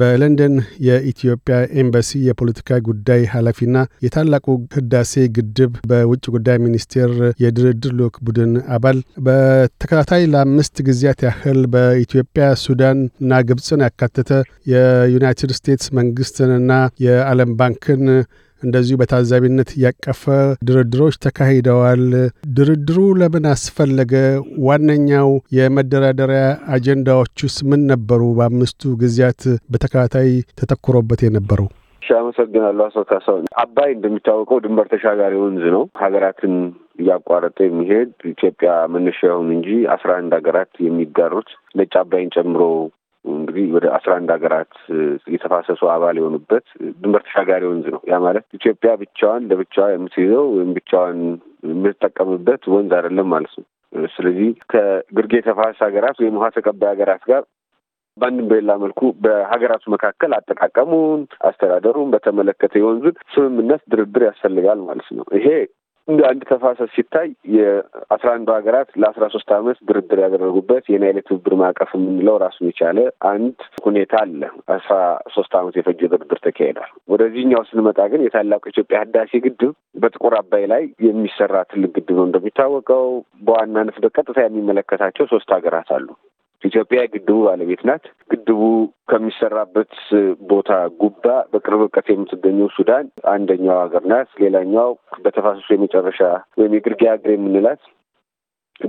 በለንደን የኢትዮጵያ ኤምባሲ የፖለቲካ ጉዳይ ኃላፊና የታላቁ ህዳሴ ግድብ በውጭ ጉዳይ ሚኒስቴር የድርድር ልዑክ ቡድን አባል በተከታታይ ለአምስት ጊዜያት ያህል በኢትዮጵያ ሱዳን ና ግብፅን ያካተተ የዩናይትድ ስቴትስ መንግስትንና የዓለም ባንክን እንደዚሁ በታዛቢነት እያቀፈ ድርድሮች ተካሂደዋል። ድርድሩ ለምን አስፈለገ? ዋነኛው የመደራደሪያ አጀንዳዎቹስ ምን ነበሩ? በአምስቱ ጊዜያት በተከታታይ ተተኩሮበት የነበረው አመሰግናለሁ አቶ ካሳሁን። አባይ እንደሚታወቀው ድንበር ተሻጋሪ ወንዝ ነው። ሀገራትን እያቋረጠ የሚሄድ ኢትዮጵያ መነሻ ይሁን እንጂ አስራ አንድ ሀገራት የሚጋሩት ነጭ አባይን ጨምሮ እንግዲህ ወደ አስራ አንድ ሀገራት የተፋሰሱ አባል የሆኑበት ድንበር ተሻጋሪ ወንዝ ነው። ያ ማለት ኢትዮጵያ ብቻዋን ለብቻዋ የምትይዘው ወይም ብቻዋን የምትጠቀምበት ወንዝ አይደለም ማለት ነው። ስለዚህ ከግርጌ ተፋሰስ ሀገራት ወይም ውሃ ተቀባይ ሀገራት ጋር በአንድም በሌላ መልኩ በሀገራቱ መካከል አጠቃቀሙን፣ አስተዳደሩን በተመለከተ የወንዙን ስምምነት ድርድር ያስፈልጋል ማለት ነው። ይሄ እንደ አንድ ተፋሰስ ሲታይ የአስራ አንዱ ሀገራት ለአስራ ሶስት ዓመት ድርድር ያደረጉበት የናይል ትብብር ማዕቀፍ የምንለው ራሱን የቻለ አንድ ሁኔታ አለ። አስራ ሶስት ዓመት የፈጀ ድርድር ተካሂዷል። ወደዚህኛው ስንመጣ ግን የታላቁ የኢትዮጵያ ህዳሴ ግድብ በጥቁር አባይ ላይ የሚሰራ ትልቅ ግድብ ነው። እንደሚታወቀው በዋናነት በቀጥታ የሚመለከታቸው ሶስት ሀገራት አሉ። ኢትዮጵያ የግድቡ ባለቤት ናት። ግድቡ ከሚሰራበት ቦታ ጉባ በቅርብ ርቀት የምትገኘው ሱዳን አንደኛው ሀገር ናት። ሌላኛው በተፋሰሱ የመጨረሻ ወይም የግርጌ ሀገር የምንላት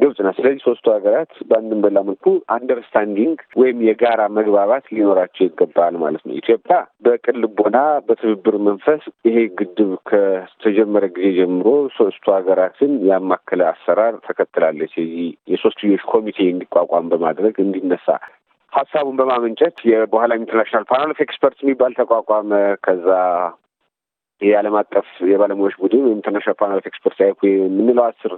ግብጽ ናት። ስለዚህ ሶስቱ ሀገራት በአንድም በላ መልኩ አንደርስታንዲንግ ወይም የጋራ መግባባት ሊኖራቸው ይገባል ማለት ነው። ኢትዮጵያ በቅን ልቦና በትብብር መንፈስ ይሄ ግድብ ከተጀመረ ጊዜ ጀምሮ ሶስቱ ሀገራትን ያማከለ አሰራር ተከትላለች። የሶስትዮሽ ኮሚቴ እንዲቋቋም በማድረግ እንዲነሳ ሀሳቡን በማመንጨት የበኋላም ኢንተርናሽናል ፓናል ኦፍ ኤክስፐርት የሚባል ተቋቋመ። ከዛ የዓለም አቀፍ የባለሙያዎች ቡድን ኢንተርናሽናል ፓናል ኦፍ ኤክስፐርት አይ የምንለው አስር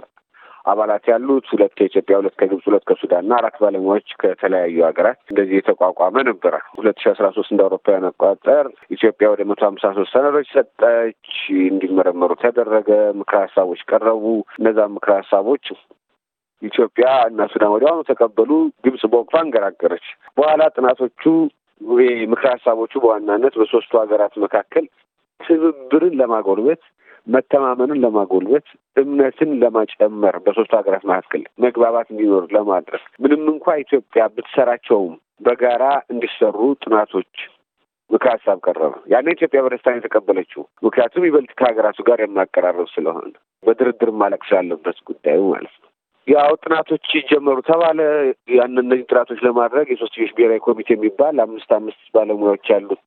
አባላት ያሉት ሁለት ከኢትዮጵያ፣ ሁለት ከግብጽ፣ ሁለት ከሱዳን እና አራት ባለሙያዎች ከተለያዩ ሀገራት እንደዚህ የተቋቋመ ነበረ። ሁለት ሺ አስራ ሶስት እንደ አውሮፓውያን አቆጣጠር ኢትዮጵያ ወደ መቶ ሀምሳ ሶስት ሰነዶች ሰጠች፣ እንዲመረመሩ ተደረገ፣ ምክረ ሀሳቦች ቀረቡ። እነዛ ምክረ ሀሳቦች ኢትዮጵያ እና ሱዳን ወዲያውኑ ተቀበሉ። ግብጽ በወቅቱ አንገራገረች። በኋላ ጥናቶቹ ምክረ ሀሳቦቹ በዋናነት በሶስቱ ሀገራት መካከል ትብብርን ለማጎልበት መተማመንን ለማጎልበት እምነትን ለማጨመር በሶስቱ ሀገራት መካከል መግባባት እንዲኖር ለማድረግ ምንም እንኳ ኢትዮጵያ ብትሰራቸውም በጋራ እንዲሰሩ ጥናቶች ምክር ሀሳብ ቀረበ። ያኔ ኢትዮጵያ በደስታን የተቀበለችው ምክንያቱም ይበልጥ ከሀገራቱ ጋር የማቀራረብ ስለሆነ በድርድር ማለቅ ስላለበት ጉዳዩ ማለት ነው። ያው ጥናቶች ይጀመሩ ተባለ። ያን እነዚህ ጥናቶች ለማድረግ የሶስትዮሽ ብሔራዊ ኮሚቴ የሚባል አምስት አምስት ባለሙያዎች ያሉት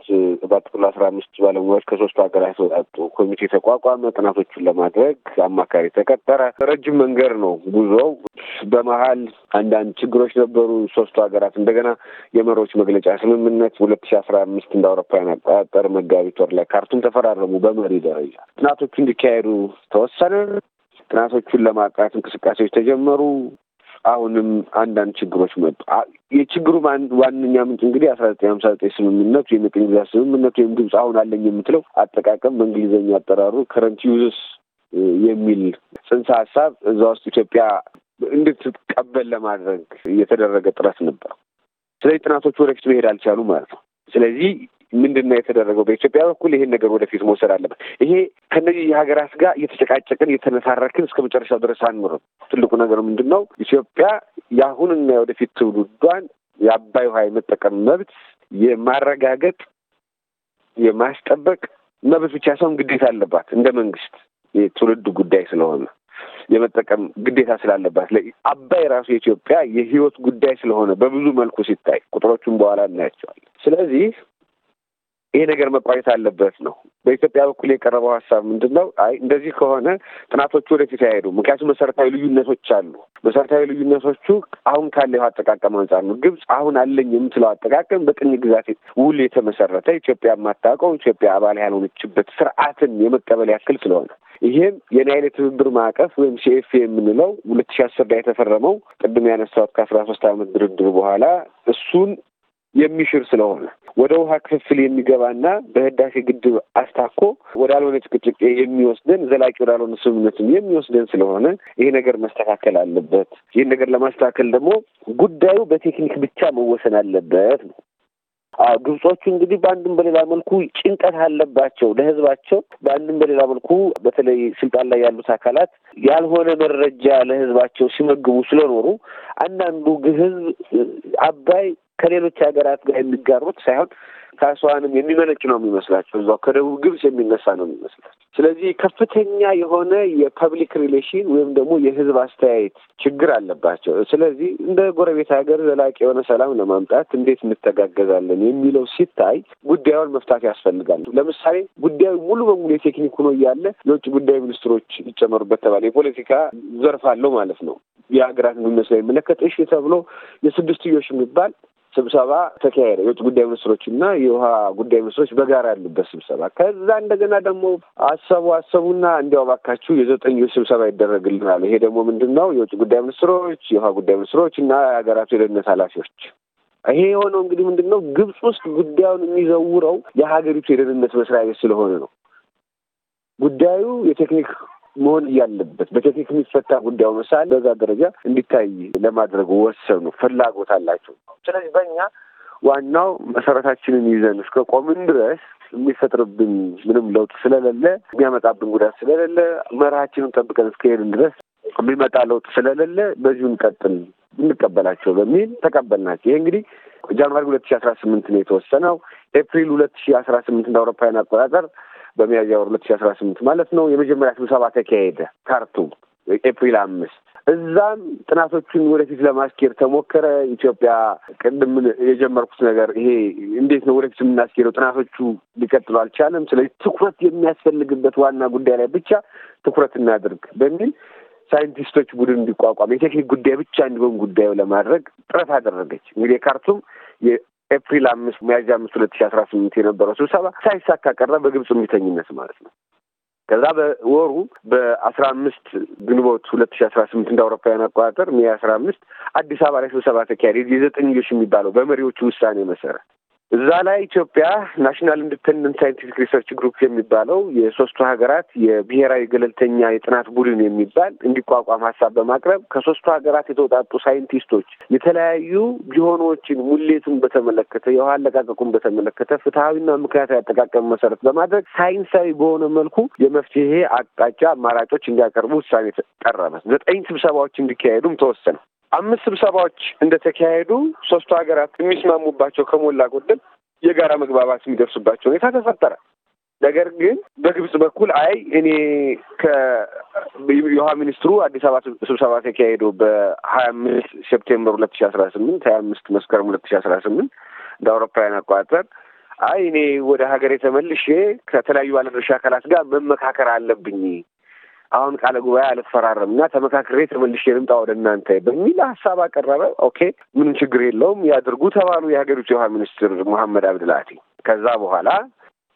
በጥቅሉ አስራ አምስት ባለሙያዎች ከሶስቱ ሀገራት የተወጣጡ ኮሚቴ ተቋቋመ። ጥናቶቹን ለማድረግ አማካሪ ተቀጠረ። ረጅም መንገድ ነው ጉዞው። በመሀል አንዳንድ ችግሮች ነበሩ። ሶስቱ ሀገራት እንደገና የመሪዎች መግለጫ ስምምነት ሁለት ሺ አስራ አምስት እንደ አውሮፓውያን አቆጣጠር መጋቢት ወር ላይ ካርቱም ተፈራረሙ። በመሪ ደረጃ ጥናቶቹ እንዲካሄዱ ተወሰነ። ጥናቶቹን ለማጥራት እንቅስቃሴዎች ተጀመሩ። አሁንም አንዳንድ ችግሮች መጡ። የችግሩ ዋነኛ ምንጭ እንግዲህ አስራ ዘጠኝ ሀምሳ ዘጠኝ ስምምነቱ የቅኝ ግዛት ስምምነቱ ወይም ግብፅ አሁን አለኝ የምትለው አጠቃቀም በእንግሊዝኛ አጠራሩ ከረንት ዩዝስ የሚል ጽንሰ ሀሳብ እዛ ውስጥ ኢትዮጵያ እንድትቀበል ለማድረግ የተደረገ ጥረት ነበር። ስለዚህ ጥናቶቹ ወደፊት መሄድ አልቻሉ ማለት ነው። ስለዚህ ምንድን ነው የተደረገው? በኢትዮጵያ በኩል ይሄን ነገር ወደፊት መውሰድ አለበት። ይሄ ከነዚህ የሀገራት ጋር እየተጨቃጨቅን እየተነታረክን እስከ መጨረሻው ድረስ አንምርም። ትልቁ ነገር ምንድን ነው? ኢትዮጵያ የአሁንና የወደፊት ትውልዷን የአባይ ውሃ የመጠቀም መብት የማረጋገጥ የማስጠበቅ መብት ብቻ ሳይሆን ግዴታ አለባት። እንደ መንግስት የትውልድ ጉዳይ ስለሆነ የመጠቀም ግዴታ ስላለባት አባይ ራሱ የኢትዮጵያ የህይወት ጉዳይ ስለሆነ በብዙ መልኩ ሲታይ ቁጥሮቹን በኋላ እናያቸዋለን። ስለዚህ ይሄ ነገር መቋየት አለበት ነው። በኢትዮጵያ በኩል የቀረበው ሀሳብ ምንድን ነው? አይ እንደዚህ ከሆነ ጥናቶቹ ወደፊት አይሄዱ። ምክንያቱም መሰረታዊ ልዩነቶች አሉ። መሰረታዊ ልዩነቶቹ አሁን ካለው አጠቃቀም አንጻር ነው። ግብጽ አሁን አለኝ የምትለው አጠቃቀም በቅኝ ግዛት ውል የተመሰረተ ኢትዮጵያ የማታውቀው ኢትዮጵያ አባል ያልሆነችበት ስርዓትን የመቀበል ያክል ስለሆነ ይሄም የናይል ትብብር ማዕቀፍ ወይም ሲኤፍ የምንለው ሁለት ሺ አስር ላይ የተፈረመው ቅድም ያነሳሁት ከአስራ ሶስት አመት ድርድር በኋላ እሱን የሚሽር ስለሆነ ወደ ውሃ ክፍፍል የሚገባና በህዳሴ ግድብ አስታኮ ወደ አልሆነ ጭቅጭቅ የሚወስደን ዘላቂ ወዳልሆነ ስምምነትም የሚወስደን ስለሆነ ይሄ ነገር መስተካከል አለበት። ይህን ነገር ለማስተካከል ደግሞ ጉዳዩ በቴክኒክ ብቻ መወሰን አለበት ነው። አዎ ግብጾቹ እንግዲህ በአንድም በሌላ መልኩ ጭንቀት አለባቸው ለህዝባቸው። በአንድም በሌላ መልኩ በተለይ ስልጣን ላይ ያሉት አካላት ያልሆነ መረጃ ለህዝባቸው ሲመግቡ ስለኖሩ አንዳንዱ ህዝብ አባይ ከሌሎች ሀገራት ጋር የሚጋሩት ሳይሆን ከአስዋንም የሚመነጭ ነው የሚመስላቸው። እዛው ከደቡብ ግብጽ የሚነሳ ነው የሚመስላቸው። ስለዚህ ከፍተኛ የሆነ የፐብሊክ ሪሌሽን ወይም ደግሞ የህዝብ አስተያየት ችግር አለባቸው። ስለዚህ እንደ ጎረቤት ሀገር ዘላቂ የሆነ ሰላም ለማምጣት እንዴት እንተጋገዛለን የሚለው ሲታይ ጉዳዩን መፍታት ያስፈልጋል። ለምሳሌ ጉዳዩ ሙሉ በሙሉ የቴክኒክ ሆኖ እያለ የውጭ ጉዳይ ሚኒስትሮች ይጨመሩበት ተባለ። የፖለቲካ ዘርፍ አለው ማለት ነው። የሀገራት ግንኙነት ላይ የሚመለከት እሺ ተብሎ የስድስትዮሽ የሚባል ስብሰባ ተካሄደ። የውጭ ጉዳይ ሚኒስትሮች እና የውሃ ጉዳይ ሚኒስትሮች በጋራ ያሉበት ስብሰባ። ከዛ እንደገና ደግሞ አሰቡ አሰቡና እንዲያው እባካችሁ የዘጠኙ ስብሰባ ይደረግልናል። ይሄ ደግሞ ምንድን ነው? የውጭ ጉዳይ ሚኒስትሮች፣ የውሃ ጉዳይ ሚኒስትሮች እና የሀገራቱ የደህንነት ኃላፊዎች ይሄ የሆነው እንግዲህ ምንድን ነው ግብጽ ውስጥ ጉዳዩን የሚዘውረው የሀገሪቱ የደህንነት መስሪያ ቤት ስለሆነ ነው። ጉዳዩ የቴክኒክ መሆን ያለበት በቴክኒክ የሚፈታ ጉዳዩ ምሳሌ በዛ ደረጃ እንዲታይ ለማድረግ ወሰኑ። ፍላጎት አላቸው። ስለዚህ በእኛ ዋናው መሰረታችንን ይዘን እስከ ቆምን ድረስ የሚፈጥርብን ምንም ለውጥ ስለሌለ የሚያመጣብን ጉዳት ስለሌለ መርሃችንን ጠብቀን እስከሄድን ድረስ የሚመጣ ለውጥ ስለሌለ በዚሁ እንቀጥል እንቀበላቸው በሚል ተቀበልናቸው። ይሄ እንግዲህ ጃንዋሪ ሁለት ሺ አስራ ስምንት ነው የተወሰነው። ኤፕሪል ሁለት ሺ አስራ ስምንት እንደ አውሮፓውያን አቆጣጠር በሚያዝያ ወር ሁለት ሺ አስራ ስምንት ማለት ነው የመጀመሪያ ስብሰባ ተካሄደ ካርቱም ኤፕሪል አምስት እዛም ጥናቶቹን ወደፊት ለማስኬድ ተሞከረ። ኢትዮጵያ ቅድም የጀመርኩት ነገር ይሄ እንዴት ነው ወደፊት የምናስኬደው? ጥናቶቹ ሊቀጥሉ አልቻለም። ስለዚህ ትኩረት የሚያስፈልግበት ዋና ጉዳይ ላይ ብቻ ትኩረት እናድርግ በሚል ሳይንቲስቶች ቡድን እንዲቋቋም የቴክኒክ ጉዳይ ብቻ እንዲሆን ጉዳዩ ለማድረግ ጥረት አደረገች። እንግዲህ የካርቱም ኤፕሪል አምስት ሚያዝያ አምስት ሁለት ሺ አስራ ስምንት የነበረው ስብሰባ ሳይሳካ ቀረ በግብፅ እምቢተኝነት ማለት ነው። ከዛ በወሩ በአስራ አምስት ግንቦት ሁለት ሺ አስራ ስምንት እንደ አውሮፓውያን አቆጣጠር ሚያ አስራ አምስት አዲስ አበባ ላይ ስብሰባ ተካሄደ። የዘጠኝዮሽ የሚባለው በመሪዎቹ ውሳኔ መሰረት እዛ ላይ ኢትዮጵያ ናሽናል ኢንዲፔንደንት ሳይንቲፊክ ሪሰርች ግሩፕ የሚባለው የሶስቱ ሀገራት የብሔራዊ ገለልተኛ የጥናት ቡድን የሚባል እንዲቋቋም ሀሳብ በማቅረብ ከሶስቱ ሀገራት የተውጣጡ ሳይንቲስቶች የተለያዩ ቢሆኖችን ሙሌቱን በተመለከተ የውሃ አለቃቀቁን በተመለከተ ፍትሐዊና ምክንያታዊ አጠቃቀም መሰረት በማድረግ ሳይንሳዊ በሆነ መልኩ የመፍትሄ አቅጣጫ አማራጮች እንዲያቀርቡ ውሳኔ ቀረበ። ዘጠኝ ስብሰባዎች እንዲካሄዱም ተወሰነ። አምስት ስብሰባዎች እንደተካሄዱ ሶስቱ ሀገራት የሚስማሙባቸው ከሞላ ጎደል የጋራ መግባባት የሚደርሱባቸው ሁኔታ ተፈጠረ። ነገር ግን በግብጽ በኩል አይ እኔ ከውሃ ሚኒስትሩ አዲስ አበባ ስብሰባ ተካሄዱ በሀያ አምስት ሴፕቴምበር ሁለት ሺ አስራ ስምንት ሀያ አምስት መስከረም ሁለት ሺ አስራ ስምንት እንደ አውሮፓውያን አቆጣጠር አይ እኔ ወደ ሀገሬ ተመልሼ ከተለያዩ ባለድርሻ አካላት ጋር መመካከር አለብኝ አሁን ቃለ ጉባኤ አልፈራረም እና ተመካክሬ ተመልሼ ልምጣ ወደ እናንተ በሚል ሀሳብ አቀረበ። ኦኬ ምንም ችግር የለውም ያድርጉ ተባሉ የሀገሪቱ የውሃ ሚኒስትር መሐመድ አብድላቲ ከዛ በኋላ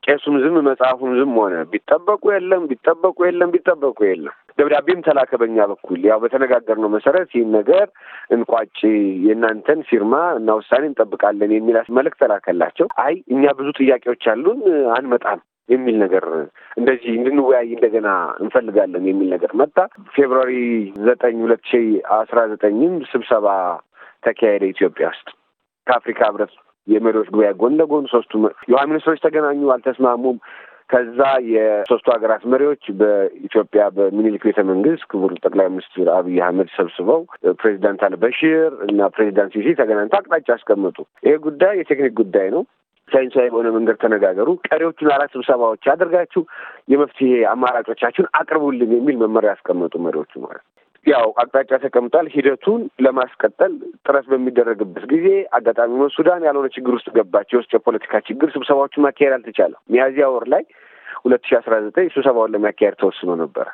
ቄሱም ዝም መጽሐፉም ዝም ሆነ። ቢጠበቁ የለም ቢጠበቁ የለም ቢጠበቁ የለም። ደብዳቤም ተላከ በእኛ በኩል ያው በተነጋገርነው መሰረት ይህን ነገር እንቋጭ፣ የእናንተን ፊርማ እና ውሳኔ እንጠብቃለን የሚል መልእክት ተላከላቸው። አይ እኛ ብዙ ጥያቄዎች አሉን አንመጣም የሚል ነገር እንደዚህ እንድንወያይ እንደገና እንፈልጋለን የሚል ነገር መጣ። ፌብርዋሪ ዘጠኝ ሁለት ሺ አስራ ዘጠኝም ስብሰባ ተካሄደ ኢትዮጵያ ውስጥ ከአፍሪካ ህብረት የመሪዎች ጉባኤ ጎን ለጎን ሶስቱ የውሃ ሚኒስትሮች ተገናኙ፣ አልተስማሙም። ከዛ የሶስቱ ሀገራት መሪዎች በኢትዮጵያ በሚኒሊክ ቤተ መንግስት ክቡር ጠቅላይ ሚኒስትር አብይ አህመድ ሰብስበው ፕሬዚዳንት አልበሽር እና ፕሬዚዳንት ሲሲ ተገናኝተው አቅጣጫ አስቀመጡ። ይሄ ጉዳይ የቴክኒክ ጉዳይ ነው። ሳይንሳዊ በሆነ መንገድ ተነጋገሩ፣ ቀሪዎቹን አራት ስብሰባዎች አድርጋችሁ የመፍትሄ አማራጮቻችሁን አቅርቡልን የሚል መመሪያ ያስቀመጡ መሪዎቹ ማለት ነው። ያው አቅጣጫ ተቀምጧል። ሂደቱን ለማስቀጠል ጥረት በሚደረግበት ጊዜ አጋጣሚ ሆኖ ሱዳን ያልሆነ ችግር ውስጥ ገባች። የውስጥ የፖለቲካ ችግር ስብሰባዎቹን ማካሄድ አልተቻለም። ሚያዚያ ወር ላይ ሁለት ሺ አስራ ዘጠኝ ስብሰባውን ለማካሄድ ተወስኖ ነበረ።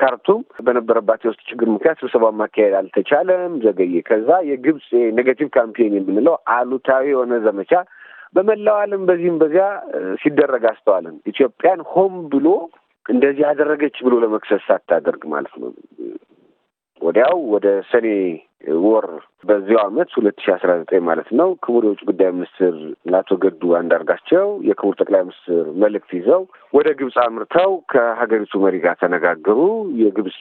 ካርቱም በነበረባት የውስጥ ችግር ምክንያት ስብሰባውን ማካሄድ አልተቻለም፣ ዘገየ። ከዛ የግብፅ ኔጋቲቭ ካምፔን የምንለው አሉታዊ የሆነ ዘመቻ በመላው ዓለም በዚህም በዚያ ሲደረግ አስተዋልን። ኢትዮጵያን ሆም ብሎ እንደዚህ አደረገች ብሎ ለመክሰስ ሳታደርግ ማለት ነው። ወዲያው ወደ ሰኔ ወር በዚያው ዓመት ሁለት ሺ አስራ ዘጠኝ ማለት ነው ክቡር የውጭ ጉዳይ ሚኒስትር አቶ ገዱ አንዳርጋቸው የክቡር ጠቅላይ ሚኒስትር መልእክት ይዘው ወደ ግብፅ አምርተው ከሀገሪቱ መሪ ጋር ተነጋገሩ። የግብፅ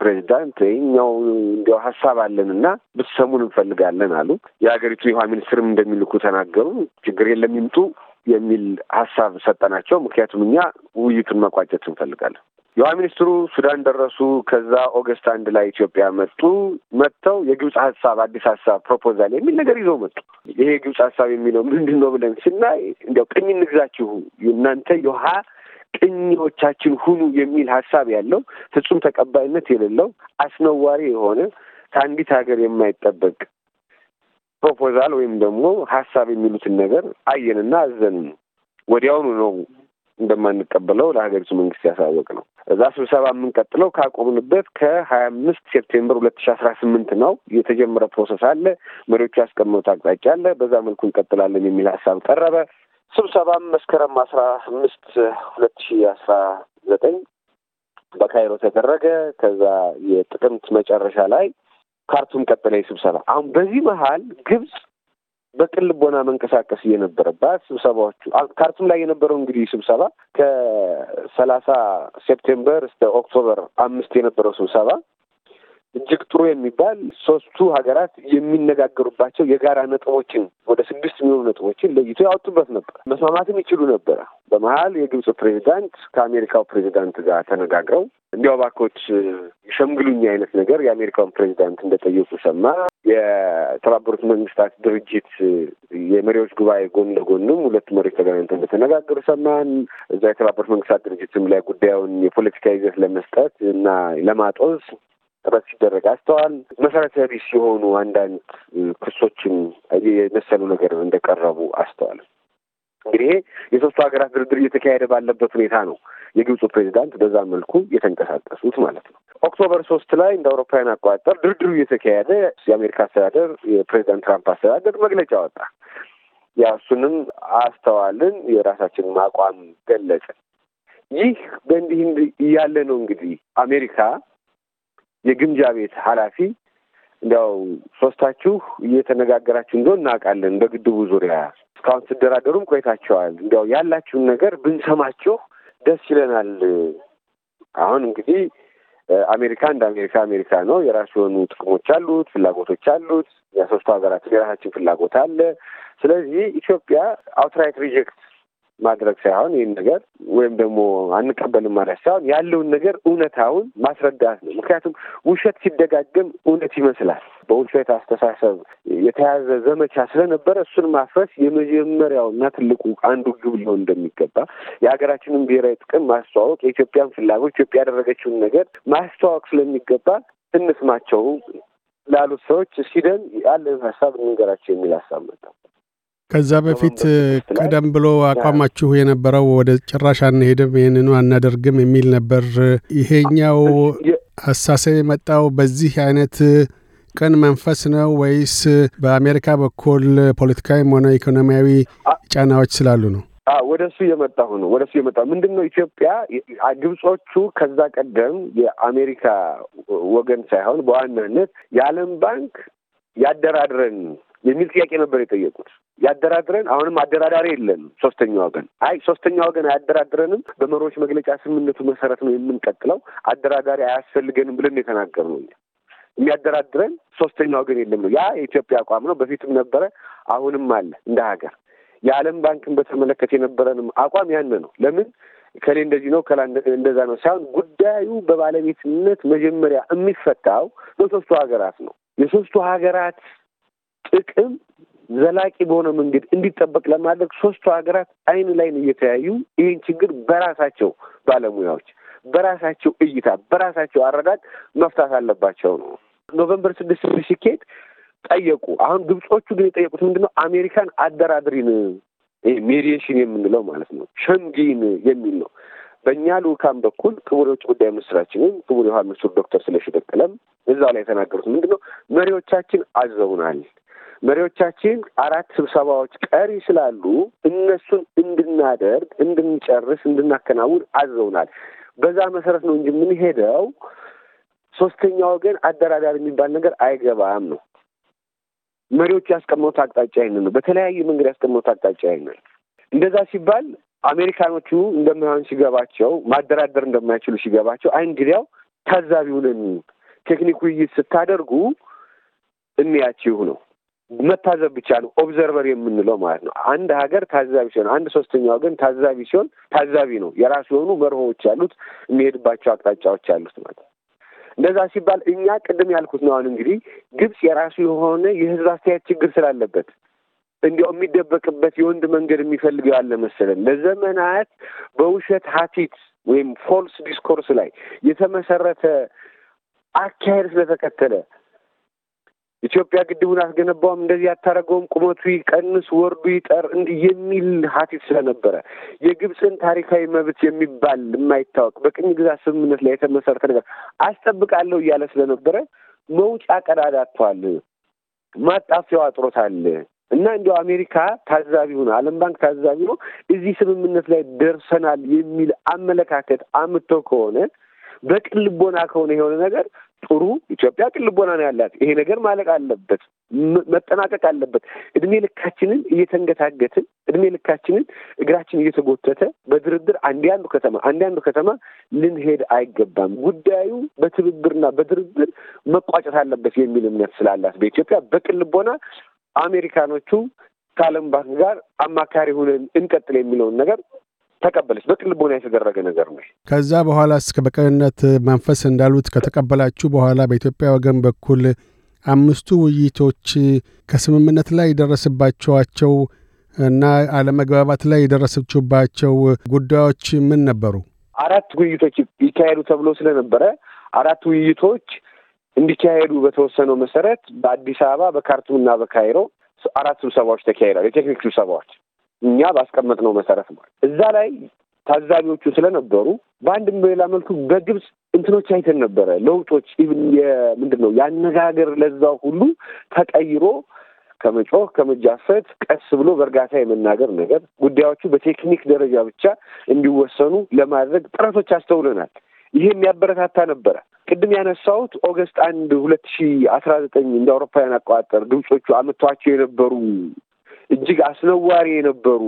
ፕሬዚዳንት እኛው እንዲያው ሀሳብ አለን እና ብትሰሙን እንፈልጋለን አሉ። የሀገሪቱ የውሃ ሚኒስትርም እንደሚልኩ ተናገሩ። ችግር የለም ይምጡ የሚል ሀሳብ ሰጠናቸው። ምክንያቱም እኛ ውይይቱን መቋጨት እንፈልጋለን። የውሃ ሚኒስትሩ ሱዳን ደረሱ። ከዛ ኦገስት አንድ ላይ ኢትዮጵያ መጡ። መጥተው የግብፅ ሀሳብ አዲስ ሀሳብ ፕሮፖዛል የሚል ነገር ይዘው መጡ። ይሄ የግብፅ ሀሳብ የሚለው ምንድን ነው ብለን ስናይ እንዲያው ቅኝ ንግዛችሁ እናንተ የውሃ ቅኚዎቻችን ሁኑ የሚል ሀሳብ ያለው ፍጹም ተቀባይነት የሌለው አስነዋሪ የሆነ ከአንዲት ሀገር የማይጠበቅ ፕሮፖዛል ወይም ደግሞ ሀሳብ የሚሉትን ነገር አየንና አዘን ወዲያውኑ ነው እንደማንቀበለው ለሀገሪቱ መንግስት ያሳወቅ ነው። እዛ ስብሰባ የምንቀጥለው ካቆምንበት ከሀያ አምስት ሴፕቴምበር ሁለት ሺ አስራ ስምንት ነው። የተጀመረ ፕሮሰስ አለ። መሪዎቹ ያስቀመጡት አቅጣጫ አለ። በዛ መልኩ እንቀጥላለን የሚል ሀሳብ ቀረበ። ስብሰባም መስከረም አስራ አምስት ሁለት ሺ አስራ ዘጠኝ በካይሮ ተደረገ። ከዛ የጥቅምት መጨረሻ ላይ ካርቱም ቀጠለ ስብሰባ። አሁን በዚህ መሀል ግብጽ በቅልቦና መንቀሳቀስ እየነበረባት ስብሰባዎቹ ካርቱም ላይ የነበረው እንግዲህ ስብሰባ ከሰላሳ ሴፕቴምበር እስከ ኦክቶበር አምስት የነበረው ስብሰባ እጅግ ጥሩ የሚባል ሶስቱ ሀገራት የሚነጋገሩባቸው የጋራ ነጥቦችን ወደ ስድስት የሚሆኑ ነጥቦችን ለይቶ ያወጡበት ነበር። መስማማትም ይችሉ ነበረ። በመሀል የግብፅ ፕሬዚዳንት ከአሜሪካው ፕሬዚዳንት ጋር ተነጋግረው እንዲያው ባኮች ሸምግሉኝ አይነት ነገር የአሜሪካውን ፕሬዚዳንት እንደጠየቁ ሰማ። የተባበሩት መንግስታት ድርጅት የመሪዎች ጉባኤ ጎን ለጎንም ሁለቱ መሪዎች ተገናኝተው እንደተነጋገሩ ሰማን። እዛ የተባበሩት መንግስታት ድርጅትም ላይ ጉዳዩን የፖለቲካ ይዘት ለመስጠት እና ለማጦዝ ጥረት ሲደረግ አስተዋል መሰረተ ቢስ የሆኑ አንዳንድ ክሶችን የመሰሉ ነገር እንደቀረቡ አስተዋል። እንግዲህ ይሄ የሶስቱ ሀገራት ድርድር እየተካሄደ ባለበት ሁኔታ ነው የግብፁ ፕሬዚዳንት በዛ መልኩ የተንቀሳቀሱት ማለት ነው። ኦክቶበር ሶስት ላይ እንደ አውሮፓውያን አቆጣጠር ድርድሩ እየተካሄደ የአሜሪካ አስተዳደር የፕሬዚዳንት ትራምፕ አስተዳደር መግለጫ ወጣ። ያ እሱንም አስተዋልን፣ የራሳችን አቋም ገለጽን። ይህ በእንዲህ እያለ ነው እንግዲህ አሜሪካ የግምጃ ቤት ኃላፊ እንዲያው ሶስታችሁ እየተነጋገራችሁ እንደሆን እናውቃለን። በግድቡ ዙሪያ እስካሁን ስደራደሩም ቆይታችኋል። እንዲያው ያላችሁን ነገር ብንሰማችሁ ደስ ይለናል። አሁን እንግዲህ አሜሪካ እንደ አሜሪካ አሜሪካ ነው። የራሱ የሆኑ ጥቅሞች አሉት፣ ፍላጎቶች አሉት። የሶስቱ ሀገራት የራሳችን ፍላጎት አለ። ስለዚህ ኢትዮጵያ አውትራይት ሪጀክት ማድረግ ሳይሆን ይህን ነገር ወይም ደግሞ አንቀበልም ማለት ሳይሆን ያለውን ነገር እውነታውን ማስረዳት ነው። ምክንያቱም ውሸት ሲደጋገም እውነት ይመስላል። በውሸት አስተሳሰብ የተያዘ ዘመቻ ስለነበረ እሱን ማፍረስ የመጀመሪያውና ትልቁ አንዱ ግብ ሊሆን እንደሚገባ የሀገራችንን ብሔራዊ ጥቅም ማስተዋወቅ፣ የኢትዮጵያን ፍላጎት ኢትዮጵያ ያደረገችውን ነገር ማስተዋወቅ ስለሚገባ እንስማቸው ላሉት ሰዎች ሲደን ያለን ሀሳብ እንንገራቸው የሚል ሀሳብ መጣ። ከዛ በፊት ቀደም ብሎ አቋማችሁ የነበረው ወደ ጭራሽ አንሄድም፣ ይህንኑ አናደርግም የሚል ነበር። ይሄኛው አሳሰብ የመጣው በዚህ አይነት ቅን መንፈስ ነው ወይስ በአሜሪካ በኩል ፖለቲካዊም ሆነ ኢኮኖሚያዊ ጫናዎች ስላሉ ነው? ወደ እሱ የመጣሁ ነው። ወደ እሱ የመጣሁ ምንድን ነው ኢትዮጵያ ግብጾቹ ከዛ ቀደም የአሜሪካ ወገን ሳይሆን በዋናነት የዓለም ባንክ ያደራድረን የሚል ጥያቄ ነበር የጠየቁት። ያደራድረን አሁንም አደራዳሪ የለንም። ሶስተኛ ወገን አይ ሶስተኛ ወገን አያደራድረንም። በመሪዎች መግለጫ ስምምነቱ መሰረት ነው የምንቀጥለው። አደራዳሪ አያስፈልገንም ብለን ነው የሚያደራድረን ሶስተኛ ወገን የለም ነው። ያ የኢትዮጵያ አቋም ነው። በፊትም ነበረ፣ አሁንም አለ እንደ ሀገር። የዓለም ባንክን በተመለከተ የነበረንም አቋም ያን ነው። ለምን ከሌ እንደዚህ ነው ከላ እንደዛ ነው ሳይሆን ጉዳዩ በባለቤትነት መጀመሪያ የሚፈታው በሶስቱ ሀገራት ነው። የሶስቱ ሀገራት ጥቅም ዘላቂ በሆነ መንገድ እንዲጠበቅ ለማድረግ ሶስቱ ሀገራት አይን ላይ ነው እየተያዩ ይህን ችግር በራሳቸው ባለሙያዎች፣ በራሳቸው እይታ፣ በራሳቸው አረዳድ መፍታት አለባቸው ነው። ኖቨምበር ስድስት ሲኬድ ጠየቁ። አሁን ግብጾቹ ግን የጠየቁት ምንድን ነው? አሜሪካን አደራድሪን፣ ሜዲዬሽን የምንለው ማለት ነው፣ ሸምጊን የሚል ነው። በእኛ ልኡካን በኩል ክቡር የውጭ ጉዳይ ሚኒስትራችንን ክቡር የውሃ ሚኒስትሩ ዶክተር ስለሺ በቀለም እዛው ላይ የተናገሩት ምንድን ነው? መሪዎቻችን አዘውናል መሪዎቻችን አራት ስብሰባዎች ቀሪ ስላሉ እነሱን እንድናደርግ፣ እንድንጨርስ፣ እንድናከናውን አዘውናል። በዛ መሰረት ነው እንጂ የምንሄደው ሶስተኛ ወገን አደራዳሪ የሚባል ነገር አይገባም ነው። መሪዎቹ ያስቀመጡት አቅጣጫ ይህንን ነው። በተለያየ መንገድ ያስቀመጡት አቅጣጫ ይህንን እንደዛ ሲባል አሜሪካኖቹ እንደማይሆን ሲገባቸው፣ ማደራደር እንደማይችሉ ሲገባቸው፣ አይ እንግዲያው ታዛቢውን ቴክኒክ ውይይት ስታደርጉ እንያችሁ ነው መታዘብ ብቻ ነው። ኦብዘርቨር የምንለው ማለት ነው። አንድ ሀገር ታዛቢ ሲሆን፣ አንድ ሶስተኛ ወገን ታዛቢ ሲሆን ታዛቢ ነው። የራሱ የሆኑ መርሆዎች ያሉት የሚሄድባቸው አቅጣጫዎች ያሉት ማለት ነው። እንደዛ ሲባል እኛ ቅድም ያልኩት ነው። አሁን እንግዲህ ግብጽ የራሱ የሆነ የህዝብ አስተያየት ችግር ስላለበት እንዲያው የሚደበቅበት የወንድ መንገድ የሚፈልገው ያለ መሰለን ለዘመናት በውሸት ሀቲት ወይም ፎልስ ዲስኮርስ ላይ የተመሰረተ አካሄድ ስለተከተለ ኢትዮጵያ ግድቡን አስገነባውም እንደዚህ ያታረገውም ቁመቱ ይቀንስ ወርዱ ይጠር የሚል ሀቲት ስለነበረ የግብፅን ታሪካዊ መብት የሚባል የማይታወቅ በቅኝ ግዛት ስምምነት ላይ የተመሰረተ ነገር አስጠብቃለሁ እያለ ስለነበረ መውጫ ቀዳዳቷል ማጣፊያው አጥሮታል። እና እንዲሁ አሜሪካ ታዛቢ ሆነ፣ ዓለም ባንክ ታዛቢ ነው፣ እዚህ ስምምነት ላይ ደርሰናል የሚል አመለካከት አምቶ ከሆነ በቅን ልቦና ከሆነ የሆነ ነገር ጥሩ ኢትዮጵያ ቅልቦና ነው ያላት። ይሄ ነገር ማለቅ አለበት፣ መጠናቀቅ አለበት። እድሜ ልካችንን እየተንገታገትን፣ እድሜ ልካችንን እግራችን እየተጎተተ በድርድር አንዱ ከተማ አንዳንዱ ከተማ ልንሄድ አይገባም። ጉዳዩ በትብብርና በድርድር መቋጨት አለበት የሚል እምነት ስላላት በኢትዮጵያ በቅልቦና አሜሪካኖቹ ከዓለም ባንክ ጋር አማካሪ ሆነን እንቀጥል የሚለውን ነገር ተቀበለች። በቅን ልቦና የተደረገ ነገር ነው። ከዛ በኋላ እስከ በቅንነት መንፈስ እንዳሉት ከተቀበላችሁ በኋላ በኢትዮጵያ ወገን በኩል አምስቱ ውይይቶች ከስምምነት ላይ የደረሰባቸዋቸው እና አለመግባባት ላይ የደረሰችባቸው ጉዳዮች ምን ነበሩ? አራት ውይይቶች ይካሄዱ ተብሎ ስለነበረ አራት ውይይቶች እንዲካሄዱ በተወሰነው መሰረት በአዲስ አበባ በካርቱም እና በካይሮ አራት ስብሰባዎች ተካሂደዋል። የቴክኒክ ስብሰባዎች እኛ ባስቀመጥነው መሰረት ማለት እዛ ላይ ታዛቢዎቹ ስለነበሩ በአንድም በሌላ መልኩ በግብፅ እንትኖች አይተን ነበረ ለውጦች የምንድን ነው የአነጋገር ለዛ ሁሉ ተቀይሮ ከመጮህ ከመጃፈት ቀስ ብሎ በእርጋታ የመናገር ነገር ጉዳዮቹ በቴክኒክ ደረጃ ብቻ እንዲወሰኑ ለማድረግ ጥረቶች አስተውለናል። ይሄ የሚያበረታታ ነበረ። ቅድም ያነሳሁት ኦገስት አንድ ሁለት ሺ አስራ ዘጠኝ እንደ አውሮፓውያን አቆጣጠር ግብጾቹ አመቷቸው የነበሩ እጅግ አስነዋሪ የነበሩ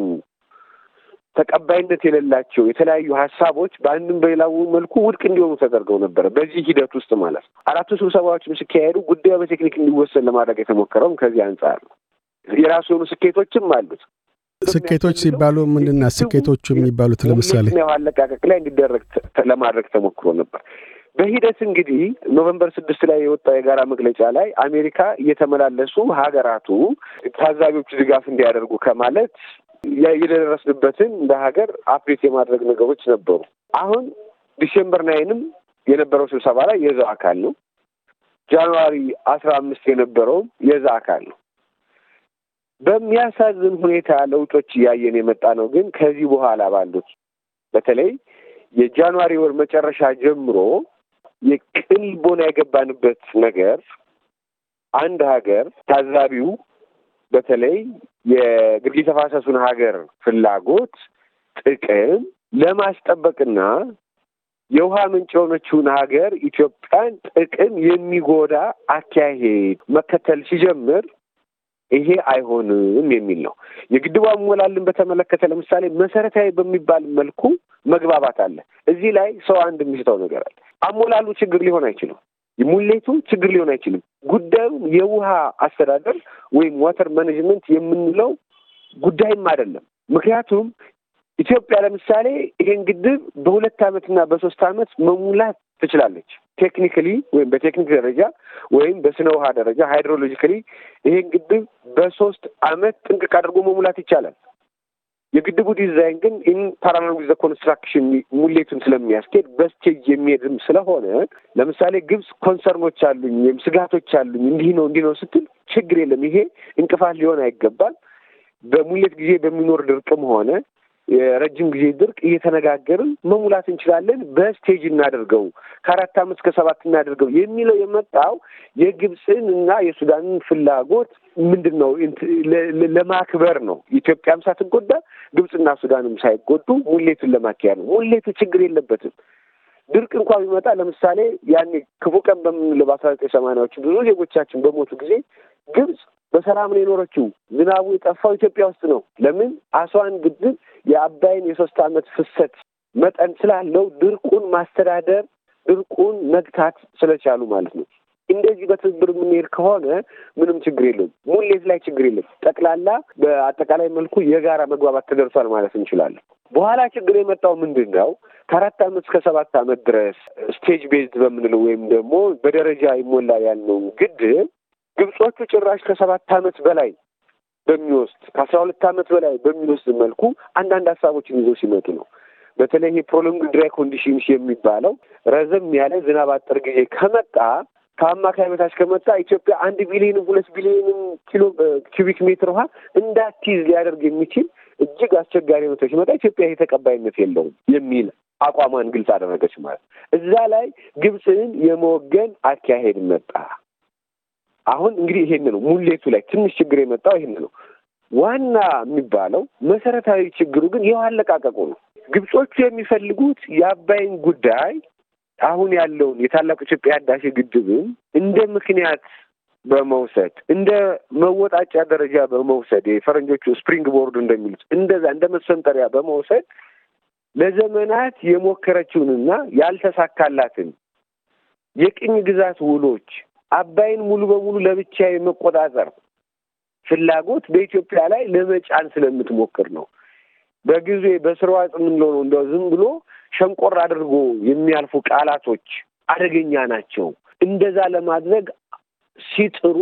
ተቀባይነት የሌላቸው የተለያዩ ሀሳቦች በአንድም በሌላው መልኩ ውድቅ እንዲሆኑ ተደርገው ነበረ። በዚህ ሂደት ውስጥ ማለት ነው። አራቱ ስብሰባዎችም ሲካሄዱ ጉዳዩ በቴክኒክ እንዲወሰን ለማድረግ የተሞከረውም ከዚህ አንጻር ነው። የራሱ የሆኑ ስኬቶችም አሉት። ስኬቶች ሲባሉ ምንድን ነው? ስኬቶቹ የሚባሉት ለምሳሌ ያው አለቃቀቅ ላይ እንዲደረግ ለማድረግ ተሞክሮ ነበር። በሂደት እንግዲህ ኖቨምበር ስድስት ላይ የወጣ የጋራ መግለጫ ላይ አሜሪካ እየተመላለሱ ሀገራቱ ታዛቢዎቹ ድጋፍ እንዲያደርጉ ከማለት የደረስንበትን እንደ ሀገር አፕዴት የማድረግ ነገሮች ነበሩ። አሁን ዲሴምበር ናይንም የነበረው ስብሰባ ላይ የዛ አካል ነው። ጃንዋሪ አስራ አምስት የነበረውም የዛ አካል ነው። በሚያሳዝን ሁኔታ ለውጦች እያየን የመጣ ነው። ግን ከዚህ በኋላ ባሉት በተለይ የጃንዋሪ ወር መጨረሻ ጀምሮ የቅልቦና የገባንበት ነገር አንድ ሀገር ታዛቢው በተለይ የግርጌ ተፋሰሱን ሀገር ፍላጎት ጥቅም ለማስጠበቅና የውሃ ምንጭ የሆነችውን ሀገር ኢትዮጵያን ጥቅም የሚጎዳ አካሄድ መከተል ሲጀምር ይሄ አይሆንም የሚል ነው። የግድቡ አሞላልን በተመለከተ ለምሳሌ መሰረታዊ በሚባል መልኩ መግባባት አለ። እዚህ ላይ ሰው አንድ የሚስተው ነገር አለ። አሞላሉ ችግር ሊሆን አይችልም። ሙሌቱ ችግር ሊሆን አይችልም። ጉዳዩም የውሃ አስተዳደር ወይም ዋተር ማኔጅመንት የምንለው ጉዳይም አይደለም። ምክንያቱም ኢትዮጵያ ለምሳሌ ይሄን ግድብ በሁለት ዓመትና በሶስት ዓመት መሙላት ትችላለች። ቴክኒካሊ ወይም በቴክኒክ ደረጃ ወይም በስነ ውሃ ደረጃ ሃይድሮሎጂካሊ ይሄን ግድብ በሶስት ዓመት ጥንቅቅ አድርጎ መሙላት ይቻላል። የግድቡ ዲዛይን ግን ኢን ፓራላል ዘ ኮንስትራክሽን ሙሌቱን ስለሚያስኬድ በስቴጅ የሚሄድም ስለሆነ ለምሳሌ ግብጽ ኮንሰርኖች አሉኝ ወይም ስጋቶች አሉኝ እንዲህ ነው እንዲህ ነው ስትል ችግር የለም። ይሄ እንቅፋት ሊሆን አይገባል። በሙሌት ጊዜ በሚኖር ድርቅም ሆነ የረጅም ጊዜ ድርቅ እየተነጋገርን መሙላት እንችላለን። በስቴጅ እናደርገው ከአራት አምስት ከሰባት እናደርገው የሚለው የመጣው የግብፅን እና የሱዳንን ፍላጎት ምንድን ነው ለማክበር ነው። ኢትዮጵያም ሳትጎዳ ግብፅና ሱዳንም ሳይጎዱ ሙሌቱን ለማካሄድ ነው። ሙሌቱ ችግር የለበትም። ድርቅ እንኳ ቢመጣ ለምሳሌ ያኔ ክፉ ቀን በምንለው በአስራ ዘጠኝ ሰማንያዎቹ ብዙ ዜጎቻችን በሞቱ ጊዜ ግብፅ በሰላም ነው የኖረችው። ዝናቡ የጠፋው ኢትዮጵያ ውስጥ ነው። ለምን? አስዋን ግድብ የአባይን የሶስት ዓመት ፍሰት መጠን ስላለው ድርቁን ማስተዳደር፣ ድርቁን መግታት ስለቻሉ ማለት ነው። እንደዚህ በትብብር የምንሄድ ከሆነ ምንም ችግር የለም። ሙሌት ላይ ችግር የለም። ጠቅላላ በአጠቃላይ መልኩ የጋራ መግባባት ተደርሷል ማለት እንችላለን። በኋላ ችግር የመጣው ምንድን ነው? ከአራት ዓመት እስከ ሰባት ዓመት ድረስ ስቴጅ ቤዝድ በምንለው ወይም ደግሞ በደረጃ ይሞላል ያልነው ግድብ ግብጾቹ ጭራሽ ከሰባት ዓመት በላይ በሚወስድ ከአስራ ሁለት ዓመት በላይ በሚወስድ መልኩ አንዳንድ ሀሳቦችን ይዘው ሲመጡ ነው። በተለይ ይሄ ፕሮሎንግ ድራይ ኮንዲሽንስ የሚባለው ረዘም ያለ ዝናብ አጠር ጊዜ ከመጣ ከአማካይ በታች ከመጣ ኢትዮጵያ አንድ ቢሊዮንም ሁለት ቢሊዮንም ኪሎ ኪዩቢክ ሜትር ውሃ እንዳትይዝ ሊያደርግ የሚችል እጅግ አስቸጋሪ ሁኔታ ሲመጣ ኢትዮጵያ ይሄ ተቀባይነት የለውም የሚል አቋሟን ግልጽ አደረገች ማለት። እዛ ላይ ግብፅን የመወገን አካሄድ መጣ። አሁን እንግዲህ ይሄን ነው ሙሌቱ ላይ ትንሽ ችግር የመጣው ይሄን ነው። ዋና የሚባለው መሰረታዊ ችግሩ ግን ይኸው አለቃቀቁ ነው። ግብጾቹ የሚፈልጉት የአባይን ጉዳይ አሁን ያለውን የታላቁ ኢትዮጵያ ህዳሴ ግድብን እንደ ምክንያት በመውሰድ እንደ መወጣጫ ደረጃ በመውሰድ የፈረንጆቹ ስፕሪንግ ቦርድ እንደሚሉት እንደዛ እንደ መሰንጠሪያ በመውሰድ ለዘመናት የሞከረችውንና ያልተሳካላትን የቅኝ ግዛት ውሎች አባይን ሙሉ በሙሉ ለብቻ የመቆጣጠር ፍላጎት በኢትዮጵያ ላይ ለመጫን ስለምትሞክር ነው። በጊዜ በስራዋ የምንለው ነው። እንደው ዝም ብሎ ሸንቆር አድርጎ የሚያልፉ ቃላቶች አደገኛ ናቸው። እንደዛ ለማድረግ ሲጥሩ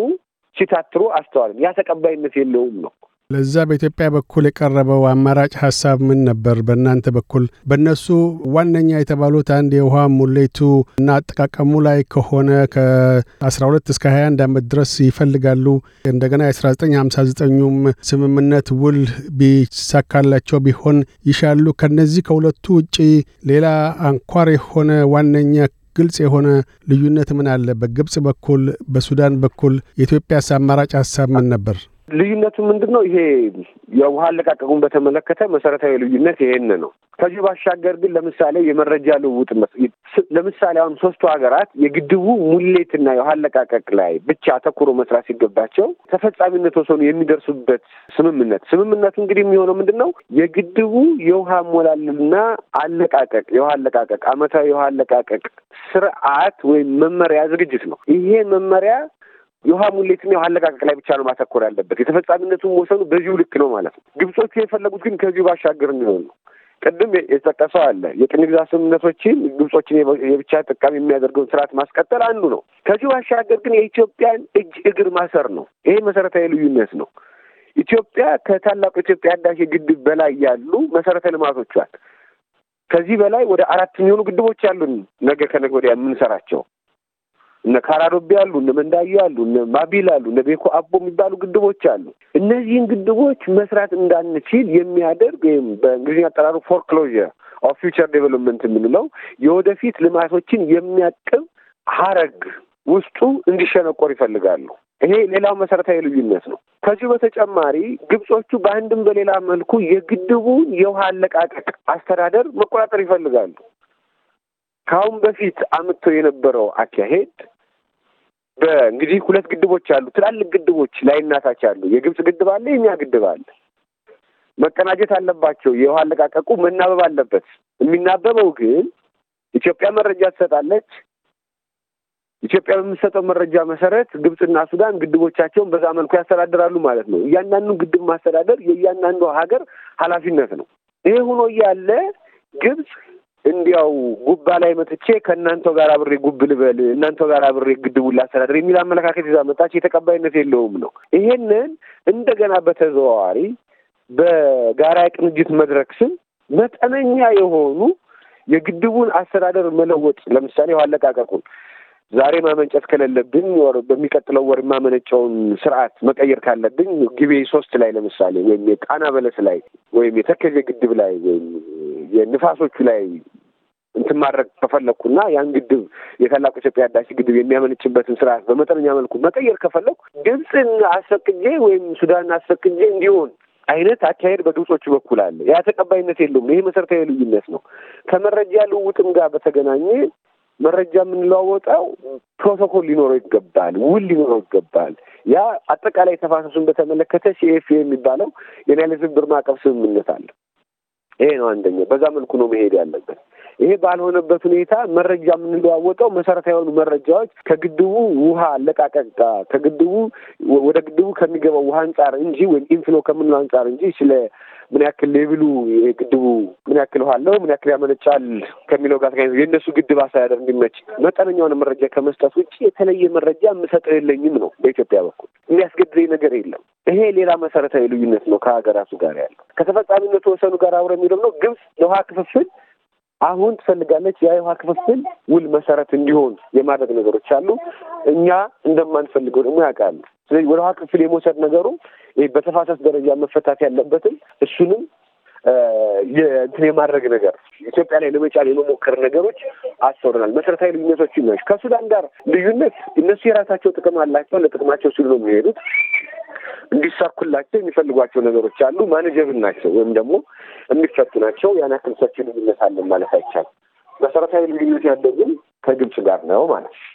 ሲታትሩ አስተዋልም። ያ ተቀባይነት የለውም ነው ለዛ በኢትዮጵያ በኩል የቀረበው አማራጭ ሀሳብ ምን ነበር? በእናንተ በኩል በእነሱ ዋነኛ የተባሉት አንድ የውሃ ሙሌቱ እና አጠቃቀሙ ላይ ከሆነ ከ12 እስከ 21 ዓመት ድረስ ይፈልጋሉ። እንደገና የ 1959 ም ስምምነት ውል ቢሳካላቸው ቢሆን ይሻሉ። ከነዚህ ከሁለቱ ውጪ ሌላ አንኳር የሆነ ዋነኛ ግልጽ የሆነ ልዩነት ምን አለ? በግብጽ በኩል በሱዳን በኩል የኢትዮጵያስ አማራጭ ሀሳብ ምን ነበር? ልዩነቱ ምንድን ነው? ይሄ የውሃ አለቃቀቁን በተመለከተ መሰረታዊ ልዩነት ይሄን ነው። ከዚህ ባሻገር ግን ለምሳሌ የመረጃ ልውውጥ ለምሳሌ አሁን ሶስቱ ሀገራት የግድቡ ሙሌትና የውሃ አለቃቀቅ ላይ ብቻ አተኩሮ መስራት ሲገባቸው ተፈጻሚነት ወሰኑ የሚደርሱበት ስምምነት ስምምነቱ እንግዲህ የሚሆነው ምንድን ነው? የግድቡ የውሃ ሞላልና አለቃቀቅ የውሃ አለቃቀቅ አመታዊ የውሃ አለቃቀቅ ስርዓት ወይም መመሪያ ዝግጅት ነው። ይሄ መመሪያ የውሃ ሙሌትና የውሃ አለቃቀቅ ላይ ብቻ ነው ማተኮር ያለበት። የተፈጻሚነቱን ወሰኑ በዚሁ ልክ ነው ማለት ነው። ግብጾቹ የፈለጉት ግን ከዚሁ ባሻገር የሚሆኑ ቅድም የተጠቀሰው አለ የቅኝ ግዛት ስምምነቶችን ግብጾችን የብቻ ጥቃሚ የሚያደርገውን ስርዓት ማስቀጠል አንዱ ነው። ከዚሁ ባሻገር ግን የኢትዮጵያን እጅ እግር ማሰር ነው። ይሄ መሰረታዊ ልዩነት ነው። ኢትዮጵያ ከታላቁ ኢትዮጵያ ህዳሴ ግድብ በላይ ያሉ መሰረተ ልማቶቿል ከዚህ በላይ ወደ አራት የሚሆኑ ግድቦች ያሉን ነገ ከነገ ወዲያ የምንሰራቸው እነ ካራሮቢ አሉ፣ እነ መንዳዩ አሉ፣ እነ ማቢል አሉ፣ እነ ቤኮ አቦ የሚባሉ ግድቦች አሉ። እነዚህን ግድቦች መስራት እንዳንችል የሚያደርግ ወይም በእንግሊዝኛ አጠራሩ ፎርክሎዥር ኦፍ ፊውቸር ዴቨሎፕመንት የምንለው የወደፊት ልማቶችን የሚያቅብ ሀረግ ውስጡ እንዲሸነቆር ይፈልጋሉ። ይሄ ሌላው መሰረታዊ ልዩነት ነው። ከዚሁ በተጨማሪ ግብጾቹ በአንድም በሌላ መልኩ የግድቡን የውሃ አለቃቀቅ አስተዳደር መቆጣጠር ይፈልጋሉ። ከአሁን በፊት አምጥተው የነበረው አካሄድ በእንግዲህ ሁለት ግድቦች አሉ፣ ትላልቅ ግድቦች ላይና ታች አሉ። የግብፅ ግድብ አለ፣ የኛ ግድብ አለ። መቀናጀት አለባቸው። የውሃ አለቃቀቁ መናበብ አለበት። የሚናበበው ግን ኢትዮጵያ መረጃ ትሰጣለች። ኢትዮጵያ በምትሰጠው መረጃ መሰረት ግብፅና ሱዳን ግድቦቻቸውን በዛ መልኩ ያስተዳድራሉ ማለት ነው። እያንዳንዱ ግድብ ማስተዳደር የእያንዳንዱ ሀገር ኃላፊነት ነው። ይሄ ሆኖ እያለ ግብፅ እንዲያው ጉባ ላይ መጥቼ ከእናንተ ጋር አብሬ ጉብ ልበል፣ እናንተ ጋር አብሬ ግድቡ ላስተዳደር የሚል አመለካከት ይዛ መጣች። የተቀባይነት የለውም ነው። ይሄንን እንደገና በተዘዋዋሪ በጋራ ቅንጅት መድረክ ስም መጠነኛ የሆኑ የግድቡን አስተዳደር መለወጥ ለምሳሌ ውሃ አለቃቀቁን ዛሬ ማመንጨት ከሌለብኝ ወር በሚቀጥለው ወር የማመነጨውን ስርዓት መቀየር ካለብኝ ግቤ ሶስት ላይ ለምሳሌ ወይም የጣና በለስ ላይ ወይም የተከዜ ግድብ ላይ ወይም የንፋሶቹ ላይ እንትን ማድረግ ከፈለግኩና ያን ግድብ የታላቁ ኢትዮጵያ ህዳሴ ግድብ የሚያመነጭበትን ስርዓት በመጠነኛ መልኩ መቀየር ከፈለግኩ ግብፅን አስፈቅጄ ወይም ሱዳንን አስፈቅጄ እንዲሆን አይነት አካሄድ በግብጾቹ በኩል አለ። ያ ተቀባይነት የለውም። ይሄ መሰረታዊ ልዩነት ነው። ከመረጃ ልውውጥም ጋር በተገናኘ መረጃ የምንለዋወጠው ፕሮቶኮል ሊኖረው ይገባል፣ ውል ሊኖረው ይገባል። ያ አጠቃላይ ተፋሰሱን በተመለከተ ሲኤፍኤ የሚባለው የናይል ትብብር ማዕቀፍ ስምምነት አለ። ይሄ ነው አንደኛ። በዛ መልኩ ነው መሄድ ያለበት። ይሄ ባልሆነበት ሁኔታ መረጃ የምንለዋወጠው መሰረታዊ የሆኑ መረጃዎች ከግድቡ ውሃ አለቃቀቅ ከግድቡ ወደ ግድቡ ከሚገባው ውሃ አንጻር እንጂ ወይም ኢንፍሎ ከምንለው አንጻር እንጂ ስለ ምን ያክል ሌብሉ ግድቡ ምን ያክል ውሃ አለው፣ ምን ያክል ያመነጫል ከሚለው ጋር ተገናኝቶ የእነሱ ግድብ አስተዳደር እንዲመች መጠነኛውን መረጃ ከመስጠት ውጭ የተለየ መረጃ የምሰጠው የለኝም ነው። በኢትዮጵያ በኩል የሚያስገድደኝ ነገር የለም። ይሄ ሌላ መሰረታዊ ልዩነት ነው ከሀገራቱ ጋር ያለው። ከተፈጻሚነቱ ወሰኑ ጋር አብረ የሚለው ነው። ግብጽ ለውሃ ክፍፍል አሁን ትፈልጋለች። ያ የውሃ ክፍፍል ውል መሰረት እንዲሆን የማድረግ ነገሮች አሉ። እኛ እንደማንፈልገው ደግሞ ያውቃሉ። ስለዚህ ወደ ውሃ ክፍል የመውሰድ ነገሩ በተፋሰስ ደረጃ መፈታት ያለበትም እሱንም እንትን የማድረግ ነገር ኢትዮጵያ ላይ ለመጫን የመሞከር ነገሮች አስተውረናል። መሰረታዊ ልዩነቶች ናቸው። ከሱዳን ጋር ልዩነት እነሱ የራሳቸው ጥቅም አላቸው። ለጥቅማቸው ሲሉ ነው የሚሄዱት። እንዲሳኩላቸው የሚፈልጓቸው ነገሮች አሉ። ማኔጀብል ናቸው ወይም ደግሞ የሚፈቱ ናቸው። ያን ያክል ሰፊ ልዩነት አለን ማለት አይቻልም። መሰረታዊ ልዩነት ያለው ግን ከግብጽ ጋር ነው ማለት ነው።